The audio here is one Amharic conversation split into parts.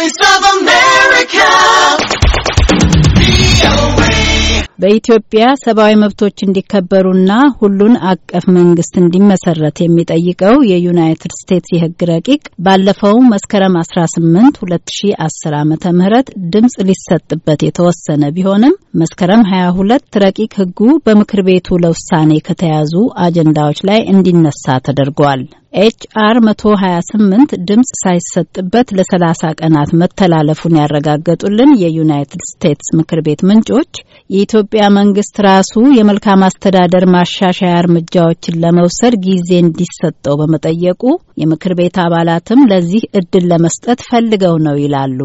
Voice of America. በኢትዮጵያ ሰብአዊ መብቶች እንዲከበሩና ሁሉን አቀፍ መንግስት እንዲመሰረት የሚጠይቀው የዩናይትድ ስቴትስ የህግ ረቂቅ ባለፈው መስከረም 18 2010 ዓ ም ድምፅ ሊሰጥበት የተወሰነ ቢሆንም መስከረም 22 ረቂቅ ህጉ በምክር ቤቱ ለውሳኔ ከተያዙ አጀንዳዎች ላይ እንዲነሳ ተደርጓል። ኤችአር 128 ድምፅ ሳይሰጥበት ለ30 ቀናት መተላለፉን ያረጋገጡልን የዩናይትድ ስቴትስ ምክር ቤት ምንጮች የኢትዮጵያ መንግስት ራሱ የመልካም አስተዳደር ማሻሻያ እርምጃዎችን ለመውሰድ ጊዜ እንዲሰጠው በመጠየቁ የምክር ቤት አባላትም ለዚህ እድል ለመስጠት ፈልገው ነው ይላሉ።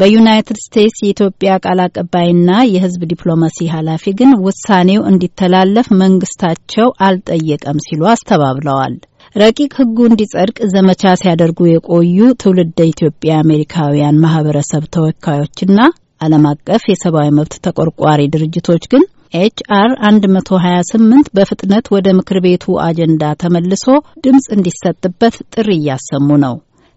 በዩናይትድ ስቴትስ የኢትዮጵያ ቃል አቀባይና የሕዝብ ዲፕሎማሲ ኃላፊ ግን ውሳኔው እንዲተላለፍ መንግስታቸው አልጠየቀም ሲሉ አስተባብለዋል። ረቂቅ ህጉ እንዲጸድቅ ዘመቻ ሲያደርጉ የቆዩ ትውልደ ኢትዮጵያ አሜሪካውያን ማህበረሰብ ተወካዮችና ዓለም አቀፍ የሰብአዊ መብት ተቆርቋሪ ድርጅቶች ግን ኤች አር 128 በፍጥነት ወደ ምክር ቤቱ አጀንዳ ተመልሶ ድምፅ እንዲሰጥበት ጥሪ እያሰሙ ነው።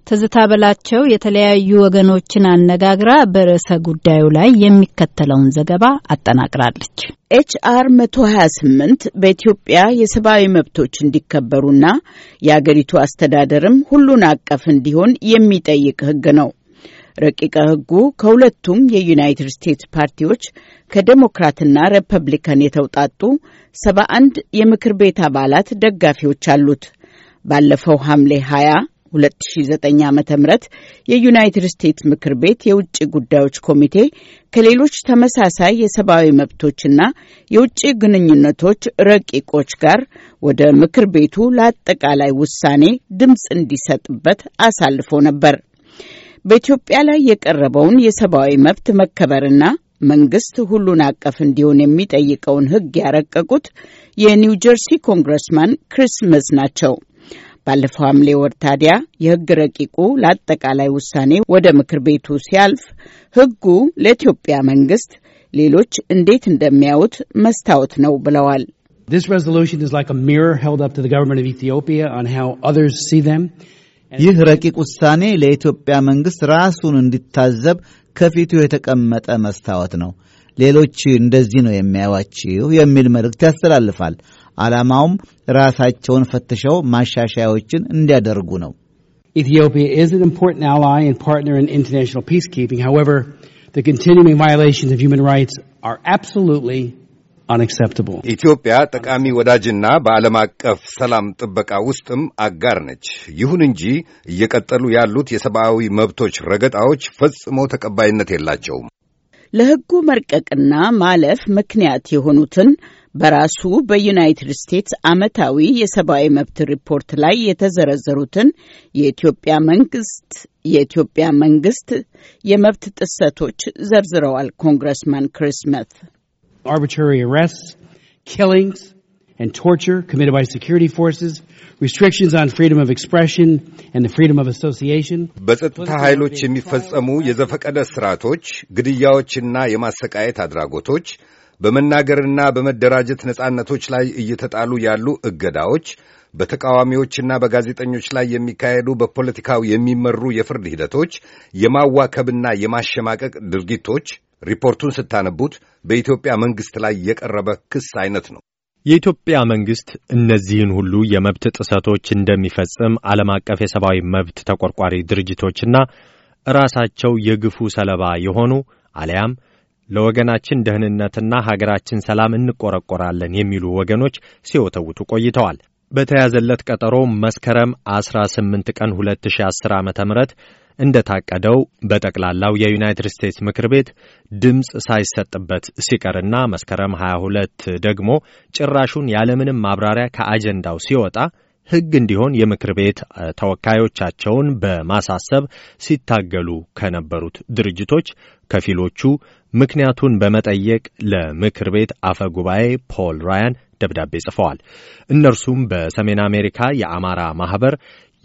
ትዝታ በላቸው የተለያዩ ወገኖችን አነጋግራ በርዕሰ ጉዳዩ ላይ የሚከተለውን ዘገባ አጠናቅራለች። ኤች አር 128 በኢትዮጵያ የሰብአዊ መብቶች እንዲከበሩና የአገሪቱ አስተዳደርም ሁሉን አቀፍ እንዲሆን የሚጠይቅ ህግ ነው። ረቂቀ ህጉ ከሁለቱም የዩናይትድ ስቴትስ ፓርቲዎች ከዴሞክራትና ሪፐብሊካን የተውጣጡ ሰባ የምክር ቤት አባላት ደጋፊዎች አሉት። ባለፈው ሐምሌ 20 2009 ዓ ም የዩናይትድ ስቴትስ ምክር ቤት የውጭ ጉዳዮች ኮሚቴ ከሌሎች ተመሳሳይ የሰብአዊ መብቶችና የውጭ ግንኙነቶች ረቂቆች ጋር ወደ ምክር ቤቱ ለአጠቃላይ ውሳኔ ድምፅ እንዲሰጥበት አሳልፎ ነበር። በኢትዮጵያ ላይ የቀረበውን የሰብአዊ መብት መከበርና መንግስት ሁሉን አቀፍ እንዲሆን የሚጠይቀውን ሕግ ያረቀቁት የኒው ጀርሲ ኮንግረስማን ክሪስ መዝ ናቸው። ባለፈው ሐምሌ ወር ታዲያ የህግ ረቂቁ ለአጠቃላይ ውሳኔ ወደ ምክር ቤቱ ሲያልፍ ህጉ ለኢትዮጵያ መንግስት ሌሎች እንዴት እንደሚያዩት መስታወት ነው ብለዋል። ይህ ረቂቅ ውሳኔ ለኢትዮጵያ መንግስት ራሱን እንዲታዘብ ከፊቱ የተቀመጠ መስታወት ነው። ሌሎች እንደዚህ ነው የሚያዩዋችሁ የሚል መልእክት ያስተላልፋል። ዓላማውም ራሳቸውን ፈትሸው ማሻሻያዎችን እንዲያደርጉ ነው። Ethiopia is an important ally and partner in international peacekeeping. However, the continuing violations of human rights are absolutely unacceptable. ኢትዮጵያ ጠቃሚ ወዳጅና በዓለም አቀፍ ሰላም ጥበቃ ውስጥም አጋር ነች። ይሁን እንጂ እየቀጠሉ ያሉት የሰብአዊ መብቶች ረገጣዎች ፈጽሞ ተቀባይነት የላቸውም። ለሕጉ መርቀቅና ማለፍ ምክንያት የሆኑትን በራሱ በዩናይትድ ስቴትስ ዓመታዊ የሰብአዊ መብት ሪፖርት ላይ የተዘረዘሩትን የኢትዮጵያ መንግስት የኢትዮጵያ መንግስት የመብት ጥሰቶች ዘርዝረዋል። ኮንግረስማን ክሪስመት በጸጥታ ኃይሎች የሚፈጸሙ የዘፈቀደ ስርዓቶች፣ ግድያዎችና የማሰቃየት አድራጎቶች በመናገርና በመደራጀት ነጻነቶች ላይ እየተጣሉ ያሉ እገዳዎች፣ በተቃዋሚዎችና በጋዜጠኞች ላይ የሚካሄዱ በፖለቲካው የሚመሩ የፍርድ ሂደቶች፣ የማዋከብና የማሸማቀቅ ድርጊቶች ሪፖርቱን ስታነቡት በኢትዮጵያ መንግሥት ላይ የቀረበ ክስ አይነት ነው። የኢትዮጵያ መንግሥት እነዚህን ሁሉ የመብት ጥሰቶች እንደሚፈጽም ዓለም አቀፍ የሰብአዊ መብት ተቆርቋሪ ድርጅቶችና ራሳቸው የግፉ ሰለባ የሆኑ አሊያም ለወገናችን ደህንነትና ሀገራችን ሰላም እንቆረቆራለን የሚሉ ወገኖች ሲወተውቱ ቆይተዋል። በተያዘለት ቀጠሮ መስከረም 18 ቀን 2010 ዓ ም እንደታቀደው በጠቅላላው የዩናይትድ ስቴትስ ምክር ቤት ድምፅ ሳይሰጥበት ሲቀርና መስከረም 22 ደግሞ ጭራሹን ያለምንም ማብራሪያ ከአጀንዳው ሲወጣ ሕግ እንዲሆን የምክር ቤት ተወካዮቻቸውን በማሳሰብ ሲታገሉ ከነበሩት ድርጅቶች ከፊሎቹ ምክንያቱን በመጠየቅ ለምክር ቤት አፈ ጉባኤ ፖል ራያን ደብዳቤ ጽፈዋል። እነርሱም በሰሜን አሜሪካ የአማራ ማኅበር፣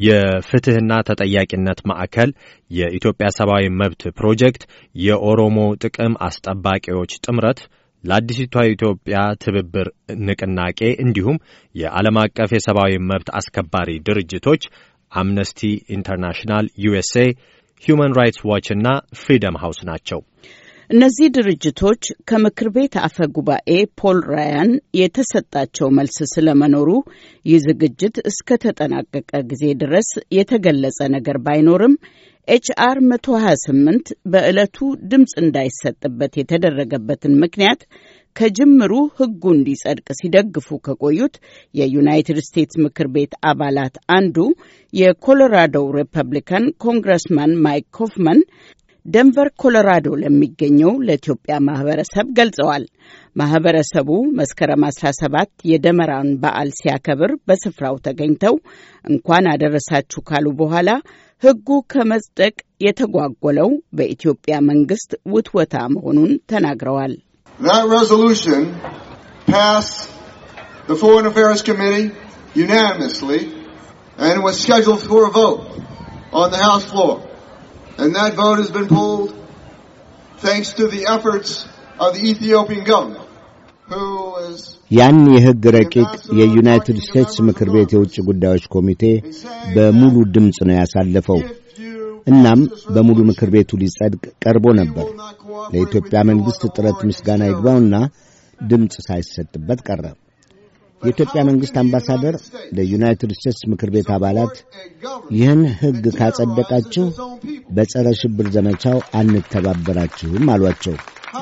የፍትሕና ተጠያቂነት ማዕከል፣ የኢትዮጵያ ሰብአዊ መብት ፕሮጀክት፣ የኦሮሞ ጥቅም አስጠባቂዎች ጥምረት ለአዲሲቷ ኢትዮጵያ ትብብር ንቅናቄ እንዲሁም የዓለም አቀፍ የሰብአዊ መብት አስከባሪ ድርጅቶች አምነስቲ ኢንተርናሽናል፣ ዩኤስኤ ሁማን ራይትስ ዋች እና ፍሪደም ሃውስ ናቸው። እነዚህ ድርጅቶች ከምክር ቤት አፈ ጉባኤ ፖል ራያን የተሰጣቸው መልስ ስለመኖሩ ይህ ዝግጅት እስከተጠናቀቀ ጊዜ ድረስ የተገለጸ ነገር ባይኖርም ኤችአር 128 በዕለቱ ድምፅ እንዳይሰጥበት የተደረገበትን ምክንያት ከጅምሩ ሕጉ እንዲጸድቅ ሲደግፉ ከቆዩት የዩናይትድ ስቴትስ ምክር ቤት አባላት አንዱ የኮሎራዶ ሪፐብሊካን ኮንግረስማን ማይክ ኮፍመን ደንቨር ኮሎራዶ ለሚገኘው ለኢትዮጵያ ማህበረሰብ ገልጸዋል። ማህበረሰቡ መስከረም 17 የደመራን በዓል ሲያከብር በስፍራው ተገኝተው እንኳን አደረሳችሁ ካሉ በኋላ ሕጉ ከመጽደቅ የተጓጎለው በኢትዮጵያ መንግስት ውትወታ መሆኑን ተናግረዋል። That resolution passed the Foreign Affairs Committee unanimously and was scheduled for a vote on the House floor. And that vote has been pulled thanks to the efforts of the Ethiopian government. ያን የሕግ ረቂቅ የዩናይትድ ስቴትስ ምክር ቤት የውጭ ጉዳዮች ኮሚቴ በሙሉ ድምፅ ነው ያሳለፈው። እናም በሙሉ ምክር ቤቱ ሊጸድቅ ቀርቦ ነበር። ለኢትዮጵያ መንግሥት ጥረት ምስጋና ይግባውና ድምፅ ሳይሰጥበት ቀረ። የኢትዮጵያ መንግሥት አምባሳደር ለዩናይትድ ስቴትስ ምክር ቤት አባላት ይህን ሕግ ካጸደቃችሁ በጸረ ሽብር ዘመቻው አንተባበራችሁም አሏቸው።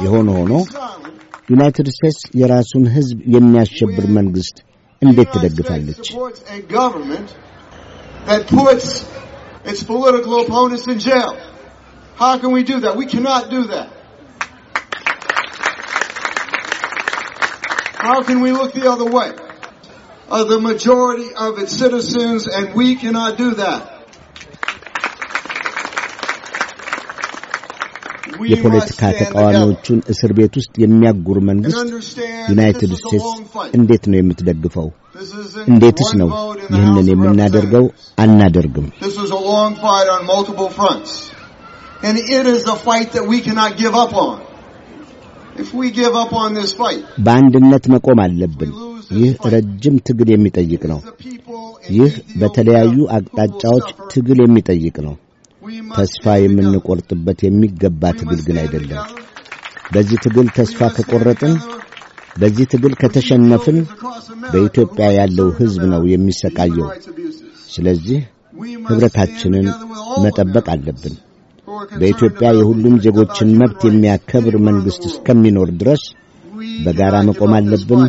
የሆነ ሆኖ ዩናይትድ ስቴትስ የራሱን ሕዝብ የሚያሸብር መንግሥት እንዴት ትደግፋለች? its political opponents in jail. How can we do that? We cannot do that. How can we look the other way? Of the majority of its citizens, and we cannot do that. የፖለቲካ ተቃዋሚዎቹን እስር ቤት ውስጥ የሚያጉር መንግስት ዩናይትድ ስቴትስ እንዴት ነው የምትደግፈው? እንዴትስ ነው ይህንን የምናደርገው? አናደርግም። በአንድነት መቆም አለብን። ይህ ረጅም ትግል የሚጠይቅ ነው። ይህ በተለያዩ አቅጣጫዎች ትግል የሚጠይቅ ነው። ተስፋ የምንቆርጥበት የሚገባ ትግል ግን አይደለም። በዚህ ትግል ተስፋ ከቆረጥን በዚህ ትግል ከተሸነፍን በኢትዮጵያ ያለው ሕዝብ ነው የሚሰቃየው። ስለዚህ ኅብረታችንን መጠበቅ አለብን። በኢትዮጵያ የሁሉም ዜጎችን መብት የሚያከብር መንግሥት እስከሚኖር ድረስ በጋራ መቆም አለብን።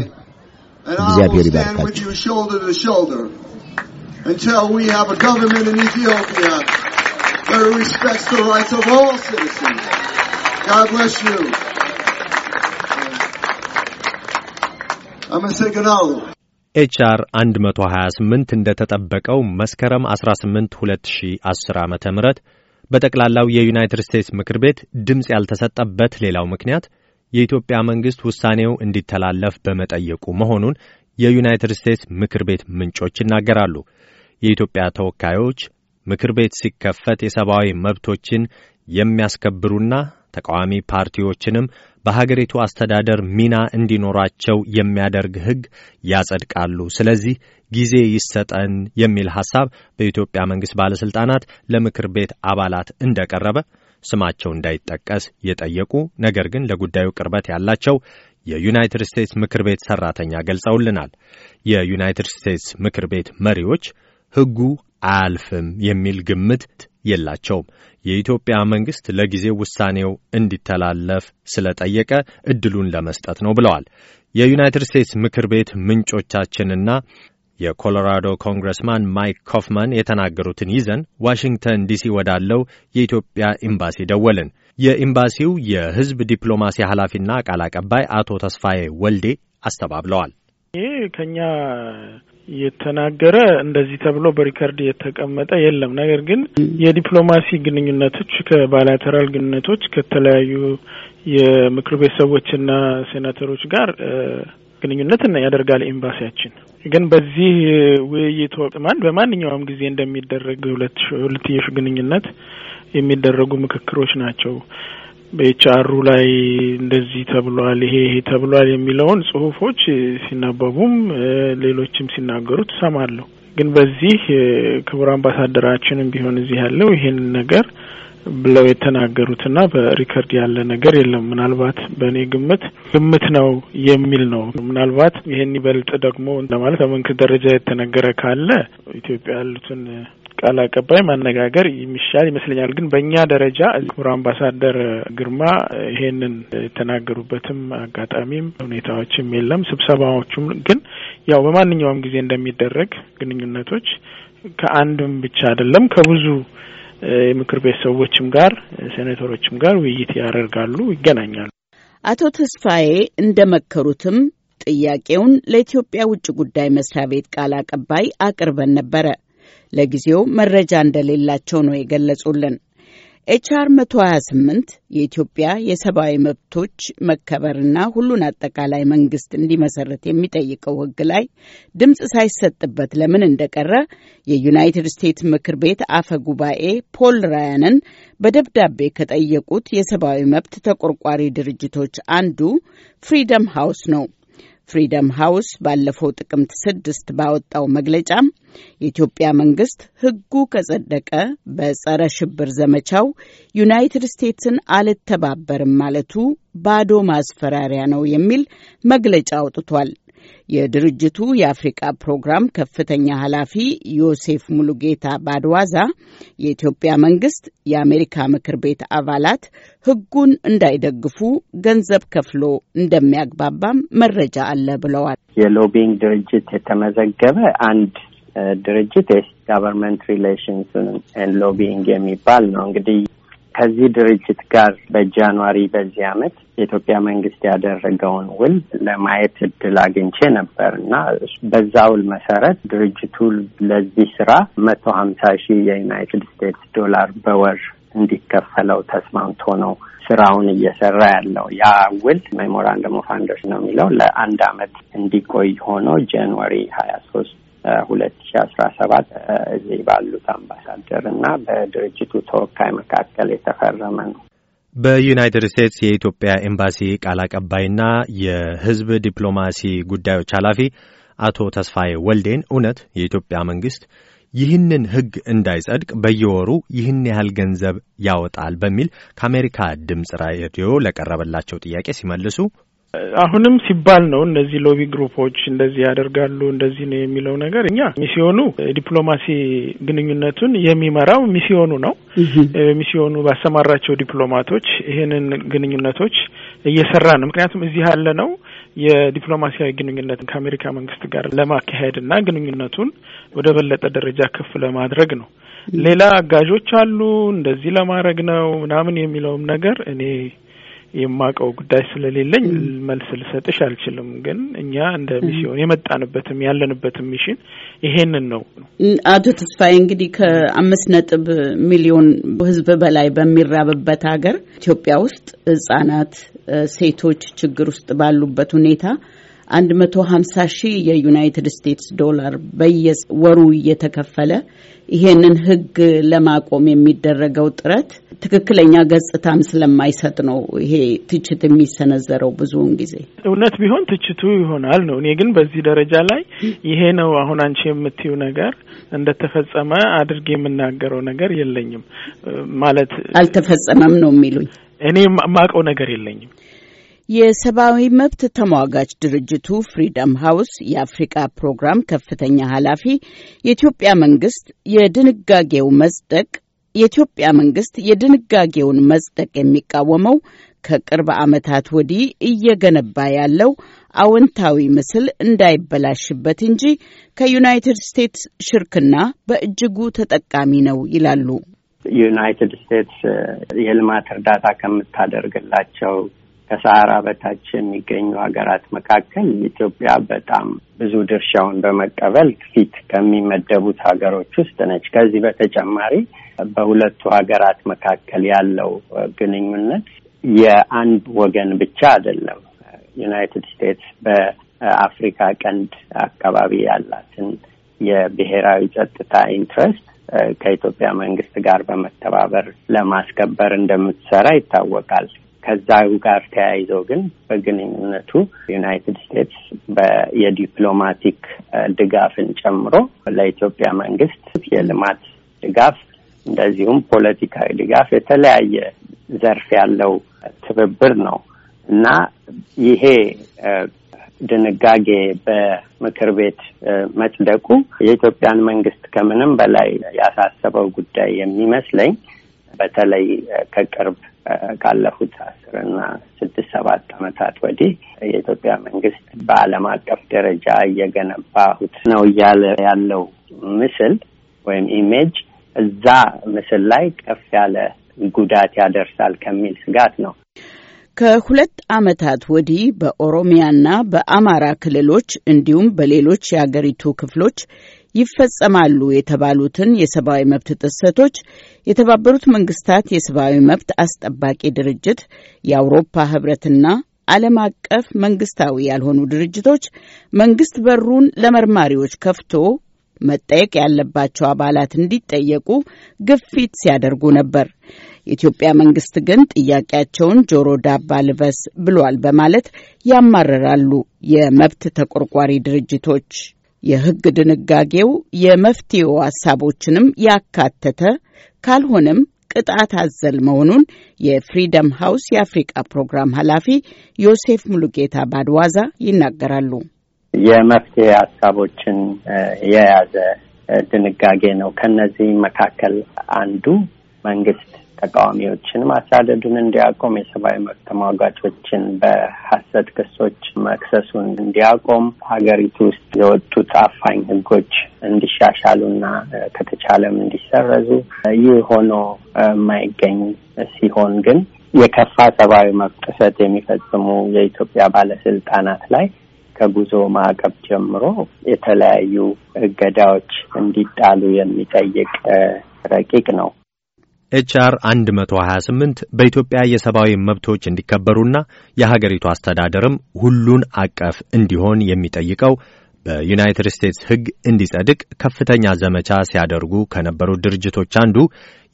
እግዚአብሔር ይባርካችሁ። አመሰግናው። ኤችአር 128 እንደተጠበቀው መስከረም 18 2010 ዓ.ም በጠቅላላው የዩናይትድ ስቴትስ ምክር ቤት ድምፅ ያልተሰጠበት ሌላው ምክንያት የኢትዮጵያ መንግሥት ውሳኔው እንዲተላለፍ በመጠየቁ መሆኑን የዩናይትድ ስቴትስ ምክር ቤት ምንጮች ይናገራሉ። የኢትዮጵያ ተወካዮች ምክር ቤት ሲከፈት የሰብአዊ መብቶችን የሚያስከብሩና ተቃዋሚ ፓርቲዎችንም በሀገሪቱ አስተዳደር ሚና እንዲኖራቸው የሚያደርግ ሕግ ያጸድቃሉ። ስለዚህ ጊዜ ይሰጠን የሚል ሐሳብ በኢትዮጵያ መንግሥት ባለሥልጣናት ለምክር ቤት አባላት እንደቀረበ ስማቸው እንዳይጠቀስ የጠየቁ ነገር ግን ለጉዳዩ ቅርበት ያላቸው የዩናይትድ ስቴትስ ምክር ቤት ሠራተኛ ገልጸውልናል። የዩናይትድ ስቴትስ ምክር ቤት መሪዎች ሕጉ አያልፍም የሚል ግምት የላቸውም። የኢትዮጵያ መንግስት ለጊዜ ውሳኔው እንዲተላለፍ ስለጠየቀ እድሉን ለመስጠት ነው ብለዋል። የዩናይትድ ስቴትስ ምክር ቤት ምንጮቻችንና የኮሎራዶ ኮንግረስማን ማይክ ኮፍማን የተናገሩትን ይዘን ዋሽንግተን ዲሲ ወዳለው የኢትዮጵያ ኤምባሲ ደወልን። የኤምባሲው የህዝብ ዲፕሎማሲ ኃላፊና ቃል አቀባይ አቶ ተስፋዬ ወልዴ አስተባብለዋል። ይህ ከኛ የተናገረ እንደዚህ ተብሎ በሪከርድ የተቀመጠ የለም። ነገር ግን የዲፕሎማሲ ግንኙነቶች ከባይላተራል ግንኙነቶች ከተለያዩ የምክር ቤት ሰዎችና ሴናተሮች ጋር ግንኙነት ያደርጋል ኤምባሲያችን። ግን በዚህ ውይይት ወቅት ማን በማንኛውም ጊዜ እንደሚደረግ ሁለት ሁለትዮሽ ግንኙነት የሚደረጉ ምክክሮች ናቸው። በኤችአሩ ላይ እንደዚህ ተብሏል፣ ይሄ ይሄ ተብሏል የሚለውን ጽሁፎች ሲነበቡም ሌሎችም ሲናገሩት እሰማለሁ። ግን በዚህ ክቡር አምባሳደራችንም ቢሆን እዚህ ያለው ይሄን ነገር ብለው የተናገሩትና በሪከርድ ያለ ነገር የለም። ምናልባት በእኔ ግምት ግምት ነው የሚል ነው። ምናልባት ይሄን ይበልጥ ደግሞ ለማለት በመንግስት ደረጃ የተነገረ ካለ ኢትዮጵያ ያሉትን ቃል አቀባይ ማነጋገር የሚሻል ይመስለኛል። ግን በእኛ ደረጃ ክቡር አምባሳደር ግርማ ይሄንን የተናገሩበትም አጋጣሚም ሁኔታዎችም የለም። ስብሰባዎቹም ግን ያው በማንኛውም ጊዜ እንደሚደረግ ግንኙነቶች ከአንድም ብቻ አይደለም ከብዙ የምክር ቤት ሰዎችም ጋር ሴኔተሮችም ጋር ውይይት ያደርጋሉ፣ ይገናኛሉ። አቶ ተስፋዬ እንደ መከሩትም ጥያቄውን ለኢትዮጵያ ውጭ ጉዳይ መስሪያ ቤት ቃል አቀባይ አቅርበን ነበረ። ለጊዜው መረጃ እንደሌላቸው ነው የገለጹልን። ኤችአር 128 የኢትዮጵያ የሰብአዊ መብቶች መከበርና ሁሉን አጠቃላይ መንግስት እንዲመሰረት የሚጠይቀው ሕግ ላይ ድምፅ ሳይሰጥበት ለምን እንደቀረ የዩናይትድ ስቴትስ ምክር ቤት አፈ ጉባኤ ፖል ራያንን በደብዳቤ ከጠየቁት የሰብአዊ መብት ተቆርቋሪ ድርጅቶች አንዱ ፍሪደም ሃውስ ነው። ፍሪደም ሃውስ ባለፈው ጥቅምት ስድስት ባወጣው መግለጫም የኢትዮጵያ መንግስት ህጉ ከጸደቀ በጸረ ሽብር ዘመቻው ዩናይትድ ስቴትስን አልተባበርም ማለቱ ባዶ ማስፈራሪያ ነው የሚል መግለጫ አውጥቷል። የድርጅቱ የአፍሪቃ ፕሮግራም ከፍተኛ ኃላፊ ዮሴፍ ሙሉጌታ ባድዋዛ የኢትዮጵያ መንግስት የአሜሪካ ምክር ቤት አባላት ህጉን እንዳይደግፉ ገንዘብ ከፍሎ እንደሚያግባባም መረጃ አለ ብለዋል። የሎቢንግ ድርጅት የተመዘገበ አንድ ድርጅት የጋቨርንመንት ሪሌሽንስ ሎቢንግ የሚባል ነው። እንግዲህ ከዚህ ድርጅት ጋር በጃንዋሪ በዚህ አመት የኢትዮጵያ መንግስት ያደረገውን ውል ለማየት እድል አግኝቼ ነበር እና በዛ ውል መሰረት ድርጅቱ ለዚህ ስራ መቶ ሀምሳ ሺህ የዩናይትድ ስቴትስ ዶላር በወር እንዲከፈለው ተስማምቶ ነው ስራውን እየሰራ ያለው። ያ ውል ሜሞራንደም ኦፍ ነው የሚለው ለአንድ አመት እንዲቆይ ሆኖ ጃንዋሪ ሀያ ሶስት ሁለት ሺ አስራ ሰባት እዚህ ባሉት አምባሳደር እና በድርጅቱ ተወካይ መካከል የተፈረመ ነው። በዩናይትድ ስቴትስ የኢትዮጵያ ኤምባሲ ቃል አቀባይና የሕዝብ ዲፕሎማሲ ጉዳዮች ኃላፊ አቶ ተስፋዬ ወልዴን እውነት የኢትዮጵያ መንግስት ይህንን ሕግ እንዳይጸድቅ በየወሩ ይህን ያህል ገንዘብ ያወጣል በሚል ከአሜሪካ ድምፅ ራዲዮ ለቀረበላቸው ጥያቄ ሲመልሱ አሁንም ሲባል ነው እነዚህ ሎቢ ግሩፖች እንደዚህ ያደርጋሉ እንደዚህ ነው የሚለው ነገር። እኛ ሚስዮኑ ዲፕሎማሲ ግንኙነቱን የሚመራው ሚስዮኑ ነው። ሚስዮኑ ባሰማራቸው ዲፕሎማቶች ይህንን ግንኙነቶች እየሰራ ነው። ምክንያቱም እዚህ ያለ ነው የዲፕሎማሲያዊ ግንኙነት ከአሜሪካ መንግስት ጋር ለማካሄድ እና ግንኙነቱን ወደ በለጠ ደረጃ ከፍ ለማድረግ ነው። ሌላ አጋዦች አሉ እንደዚህ ለማድረግ ነው ምናምን የሚለውም ነገር እኔ የማውቀው ጉዳይ ስለሌለኝ መልስ ልሰጥሽ አልችልም። ግን እኛ እንደ ሚስዮን የመጣንበትም ያለንበትም ሚሽን ይሄንን ነው። አቶ ተስፋዬ እንግዲህ ከአምስት ነጥብ ሚሊዮን ህዝብ በላይ በሚራብበት ሀገር ኢትዮጵያ ውስጥ ህጻናት፣ ሴቶች ችግር ውስጥ ባሉበት ሁኔታ 150 ሺህ የዩናይትድ ስቴትስ ዶላር በየወሩ እየተከፈለ ይሄንን ህግ ለማቆም የሚደረገው ጥረት ትክክለኛ ገጽታም ስለማይሰጥ ነው ይሄ ትችት የሚሰነዘረው። ብዙውን ጊዜ እውነት ቢሆን ትችቱ ይሆናል ነው። እኔ ግን በዚህ ደረጃ ላይ ይሄ ነው አሁን አንቺ የምትዩ ነገር እንደተፈጸመ አድርጌ የምናገረው ነገር የለኝም። ማለት አልተፈጸመም ነው የሚሉኝ። እኔ የማውቀው ነገር የለኝም። የሰብአዊ መብት ተሟጋች ድርጅቱ ፍሪደም ሃውስ የአፍሪቃ ፕሮግራም ከፍተኛ ኃላፊ የኢትዮጵያ መንግስት የድንጋጌው መጽደቅ የኢትዮጵያ መንግስት የድንጋጌውን መጽደቅ የሚቃወመው ከቅርብ ዓመታት ወዲህ እየገነባ ያለው አዎንታዊ ምስል እንዳይበላሽበት እንጂ ከዩናይትድ ስቴትስ ሽርክና በእጅጉ ተጠቃሚ ነው ይላሉ። ዩናይትድ ስቴትስ የልማት እርዳታ ከምታደርግላቸው ከሰሃራ በታች የሚገኙ ሀገራት መካከል ኢትዮጵያ በጣም ብዙ ድርሻውን በመቀበል ፊት ከሚመደቡት ሀገሮች ውስጥ ነች። ከዚህ በተጨማሪ በሁለቱ ሀገራት መካከል ያለው ግንኙነት የአንድ ወገን ብቻ አይደለም። ዩናይትድ ስቴትስ በአፍሪካ ቀንድ አካባቢ ያላትን የብሔራዊ ጸጥታ ኢንትረስት ከኢትዮጵያ መንግስት ጋር በመተባበር ለማስከበር እንደምትሰራ ይታወቃል። ከዛው ጋር ተያይዞ ግን በግንኙነቱ ዩናይትድ ስቴትስ የዲፕሎማቲክ ድጋፍን ጨምሮ ለኢትዮጵያ መንግስት የልማት ድጋፍ እንደዚሁም ፖለቲካዊ ድጋፍ የተለያየ ዘርፍ ያለው ትብብር ነው እና ይሄ ድንጋጌ በምክር ቤት መጽደቁ የኢትዮጵያን መንግስት ከምንም በላይ ያሳሰበው ጉዳይ የሚመስለኝ በተለይ ከቅርብ ካለፉት አስርና ስድስት ሰባት አመታት ወዲህ የኢትዮጵያ መንግስት በዓለም አቀፍ ደረጃ እየገነባሁት ነው እያለ ያለው ምስል ወይም ኢሜጅ እዛ ምስል ላይ ከፍ ያለ ጉዳት ያደርሳል ከሚል ስጋት ነው። ከሁለት አመታት ወዲህ በኦሮሚያና በአማራ ክልሎች እንዲሁም በሌሎች የአገሪቱ ክፍሎች ይፈጸማሉ የተባሉትን የሰብአዊ መብት ጥሰቶች የተባበሩት መንግስታት የሰብአዊ መብት አስጠባቂ ድርጅት የአውሮፓ ህብረትና ዓለም አቀፍ መንግስታዊ ያልሆኑ ድርጅቶች መንግስት በሩን ለመርማሪዎች ከፍቶ መጠየቅ ያለባቸው አባላት እንዲጠየቁ ግፊት ሲያደርጉ ነበር። የኢትዮጵያ መንግስት ግን ጥያቄያቸውን ጆሮ ዳባ ልበስ ብሏል በማለት ያማረራሉ የመብት ተቆርቋሪ ድርጅቶች። የሕግ ድንጋጌው የመፍትሄው ሀሳቦችንም ያካተተ ካልሆነም ቅጣት አዘል መሆኑን የፍሪደም ሃውስ የአፍሪቃ ፕሮግራም ኃላፊ ዮሴፍ ሙሉጌታ ባድዋዛ ይናገራሉ። የመፍትሄ ሀሳቦችን የያዘ ድንጋጌ ነው። ከነዚህ መካከል አንዱ መንግስት ተቃዋሚዎችን ማሳደዱን እንዲያቆም፣ የሰብአዊ መብት ተሟጋቾችን በሀሰት ክሶች መክሰሱን እንዲያቆም፣ ሀገሪቱ ውስጥ የወጡት አፋኝ ህጎች እንዲሻሻሉና ከተቻለም እንዲሰረዙ ይህ ሆኖ የማይገኝ ሲሆን ግን የከፋ ሰብአዊ መብት ጥሰት የሚፈጽሙ የኢትዮጵያ ባለስልጣናት ላይ ከጉዞ ማዕቀብ ጀምሮ የተለያዩ እገዳዎች እንዲጣሉ የሚጠይቅ ረቂቅ ነው። ኤችአር 128 በኢትዮጵያ የሰብአዊ መብቶች እንዲከበሩና የሀገሪቱ አስተዳደርም ሁሉን አቀፍ እንዲሆን የሚጠይቀው በዩናይትድ ስቴትስ ሕግ እንዲጸድቅ ከፍተኛ ዘመቻ ሲያደርጉ ከነበሩት ድርጅቶች አንዱ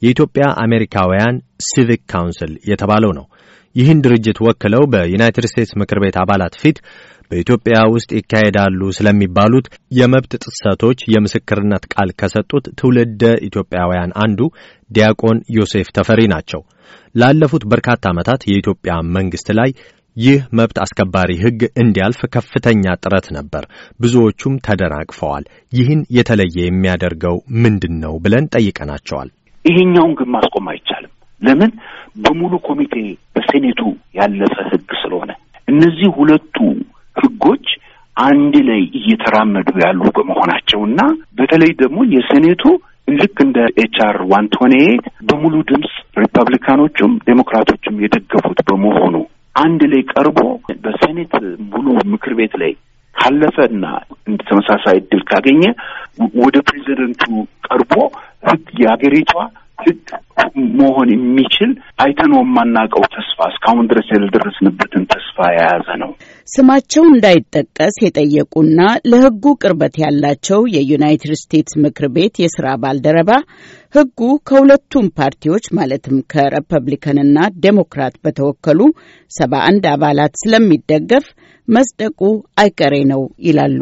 የኢትዮጵያ አሜሪካውያን ሲቪክ ካውንስል የተባለው ነው። ይህን ድርጅት ወክለው በዩናይትድ ስቴትስ ምክር ቤት አባላት ፊት በኢትዮጵያ ውስጥ ይካሄዳሉ ስለሚባሉት የመብት ጥሰቶች የምስክርነት ቃል ከሰጡት ትውልደ ኢትዮጵያውያን አንዱ ዲያቆን ዮሴፍ ተፈሪ ናቸው። ላለፉት በርካታ ዓመታት የኢትዮጵያ መንግሥት ላይ ይህ መብት አስከባሪ ሕግ እንዲያልፍ ከፍተኛ ጥረት ነበር። ብዙዎቹም ተደናቅፈዋል። ይህን የተለየ የሚያደርገው ምንድን ነው ብለን ጠይቀናቸዋል። ይሄኛውን ግን ማስቆም አይቻልም። ለምን? በሙሉ ኮሚቴ በሴኔቱ ያለፈ ሕግ ስለሆነ እነዚህ ሁለቱ ሕጎች አንድ ላይ እየተራመዱ ያሉ በመሆናቸው እና በተለይ ደግሞ የሴኔቱ ልክ እንደ ኤችአር ዋን በሙሉ ድምፅ ሪፐብሊካኖቹም ዴሞክራቶቹም የደገፉት በመሆኑ አንድ ላይ ቀርቦ በሴኔት ሙሉ ምክር ቤት ላይ ካለፈና ተመሳሳይ እድል ካገኘ ወደ ፕሬዚደንቱ ቀርቦ ህግ የሀገሪቷ ህግ መሆን የሚችል አይተን የማናውቀው ተስፋ እስካሁን ድረስ ያልደረስንበትን ተስፋ የያዘ ነው። ስማቸው እንዳይጠቀስ የጠየቁና ለሕጉ ቅርበት ያላቸው የዩናይትድ ስቴትስ ምክር ቤት የስራ ባልደረባ ሕጉ ከሁለቱም ፓርቲዎች ማለትም ከሪፐብሊካንና ዴሞክራት በተወከሉ ሰባ አንድ አባላት ስለሚደገፍ መጽደቁ አይቀሬ ነው ይላሉ።